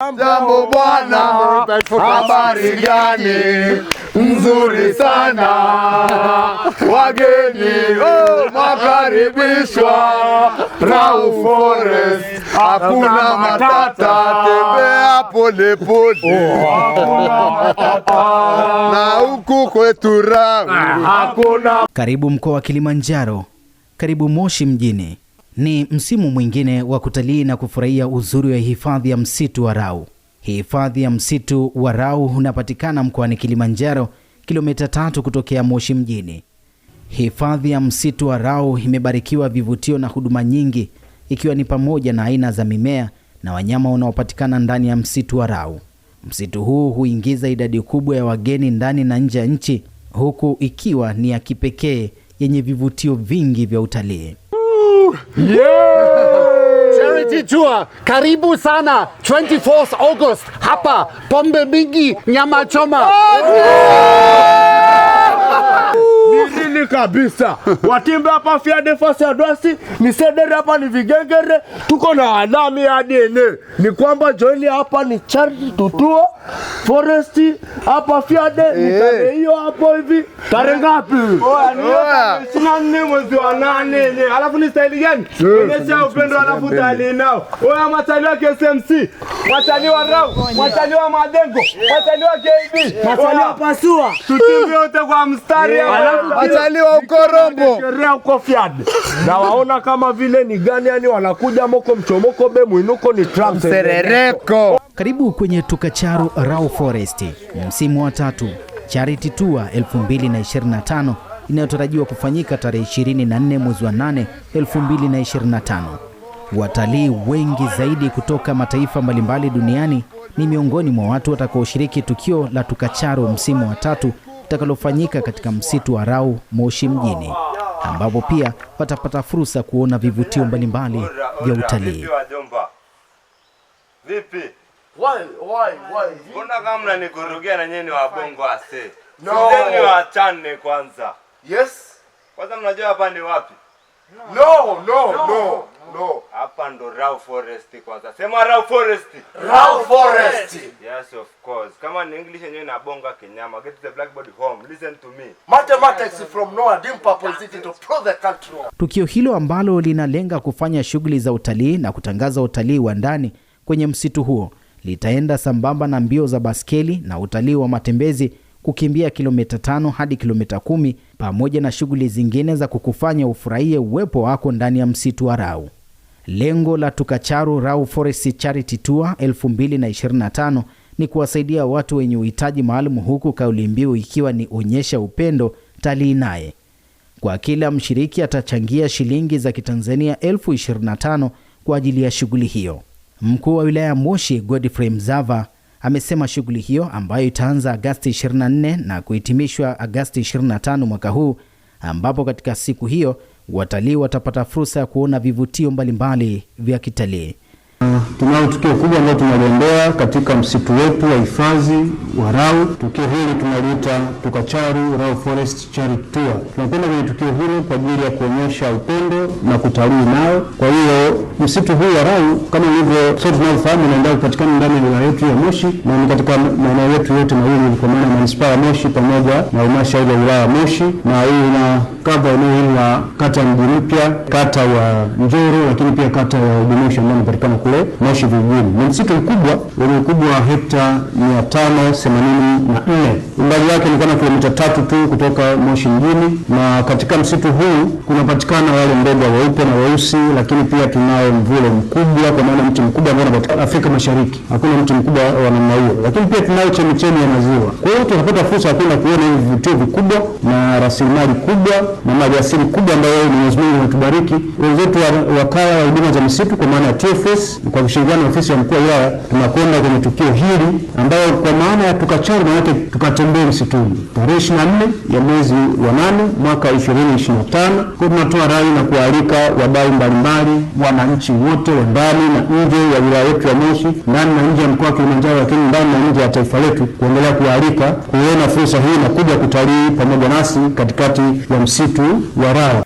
Jambo bwana, habari gani? Nzuri sana wageni, oh, makaribishwa Rau Forest, hakuna matata, tembea polepole oh, na huku kwetu Rau hakuna. Karibu mkoa wa Kilimanjaro, karibu Moshi mjini. Ni msimu mwingine wa kutalii na kufurahia uzuri wa hifadhi ya msitu wa Rau. Hifadhi ya msitu wa Rau unapatikana mkoani Kilimanjaro, kilomita tatu kutokea Moshi mjini. Hifadhi ya msitu wa Rau imebarikiwa vivutio na huduma nyingi, ikiwa ni pamoja na aina za mimea na wanyama wanaopatikana ndani ya msitu wa Rau. Msitu huu huingiza idadi kubwa ya wageni ndani na nje ya nchi, huku ikiwa ni ya kipekee yenye vivutio vingi vya utalii tour. Yeah! Charity tour. Karibu sana. 24th August. Hapa. Pombe mingi. Nyama choma. Oh, yeah! kweli kabisa. Watimbe hapa fia defense ya dosi ni sedere hapa ni vigengere, tuko na alami ya DNA ni kwamba joini hapa ni charti tutuo foresti hapa fiade ni eh. tarehe hiyo hapo hivi, tare ngapi? Eh. Oh, ishirini na nne mwezi wa nane yenye alafu ni style gani? Onyesha eh. upendo alafu tali nao oya, matali wa KSMC, matali wa rau, matali wa madengo, matali wa KB, matali wa pasua, tutimbe ote kwa mstari alafu Kuzaliwa fiad. Na waona kama vile ni gani yani wanakuja moko mchomoko be mwinuko ni Trump serereko. Karibu kwenye Tukacharu Raw Forest. Msimu wa tatu Charity Tour 2025 inayotarajiwa kufanyika tarehe 24 mwezi wa 8 2025. Watalii wengi zaidi kutoka mataifa mbalimbali duniani ni miongoni mwa watu watakaoshiriki tukio la Tukacharu msimu wa tatu litakalofanyika katika msitu wa Rau Moshi mjini, ambapo pia watapata fursa kuona vivutio mbalimbali vya utalii. Mbona na nyenye ni wabongo ase? kwanza. Yes. Kwanza mnajua hapa ni wapi? No, no, no. No. Hapa ndo Rau Forest kwanza. Sema Rau Forest. Rau Forest. Yes of course. Kama ni English yenyewe inabonga kinyama. Get the blackboard home. Listen to me. Mathematics from Noah Dim Purple City to pro the country. Tukio hilo ambalo linalenga kufanya shughuli za utalii na kutangaza utalii wa ndani kwenye msitu huo litaenda sambamba na mbio za baskeli na utalii wa matembezi kukimbia kilomita tano hadi kilomita kumi pamoja na shughuli zingine za kukufanya ufurahie uwepo wako ndani ya msitu wa Rau. Lengo la Tukacharu Rau Forest Charity Tour 2025 ni kuwasaidia watu wenye uhitaji maalum, huku kauli mbiu ikiwa ni onyesha upendo, talii naye. Kwa kila mshiriki atachangia shilingi za Kitanzania elfu 25 kwa ajili ya shughuli hiyo. Mkuu wa wilaya ya Moshi Godfrey Mzava amesema shughuli hiyo ambayo itaanza Agasti 24 na kuhitimishwa Agasti 25 mwaka huu, ambapo katika siku hiyo watalii watapata fursa ya kuona vivutio mbalimbali vya kitalii. Tunalo tukio kubwa ambalo tunaliombea katika msitu wetu wa hifadhi wa Rau. Tukio hili tunaliita Tukacharu Rau Forest Charity Tour. Tunakwenda kwenye tukio hili kwa ajili ya kuonyesha upendo na kutalii nao. Kwa hiyo msitu huu wa Rau kama ilivyo sote tunavyofahamu, unaendelea kupatikana ndani ya wilaya yetu ya Moshi na ni katika maeneo yetu yote mawili, kwa maana manispaa ya Moshi pamoja na halmashauri ya wilaya ya Moshi, na hii ina kava eneo hili la kata ya Mji Mpya, kata wa Njoro, lakini pia kata ya Ugumusha ambayo inapatikana kule Moshi vijijini. Ni msitu mkubwa wenye ukubwa wa hekta 584. Umbali wake ni kama kilomita tatu tu kutoka Moshi mjini, na katika msitu huu kunapatikana wale mbega weupe na weusi, lakini pia tunao mvule mkubwa, kwa maana mti mkubwa ambao unapatikana Afrika Mashariki, hakuna mti mkubwa wa namna hiyo, lakini pia tunayo chemichemi ya maziwa. Kwa hiyo tunapata fursa ya kwenda kuona hivi vivutio vikubwa na rasilimali kubwa na mali asili kubwa ambayo Mwenyezi Mungu anatubariki. Wenzetu wa wakala wa huduma za misitu kwa maana ya TFS kwa kushirikiana na ofisi ya mkuu wa wilaya tunakwenda kwenye tukio hili ambayo kwa maana ya tukachana manake tukatembea msituni tarehe nne ya mwezi wa nane mwaka 2025. Kwa tunatoa rai na kualika wadau mbalimbali, wananchi wote wa ndani na nje ya wilaya yetu ya Moshi, ndani na nje ya mkoa wa Kilimanjaro, lakini ndani na nje ya taifa letu, kuendelea kualika kuona fursa hii na kuja kutalii pamoja nasi katikati ya msitu wa Rawa.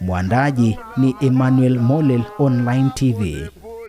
Mwandaji ni Emmanuel Molel Online TV.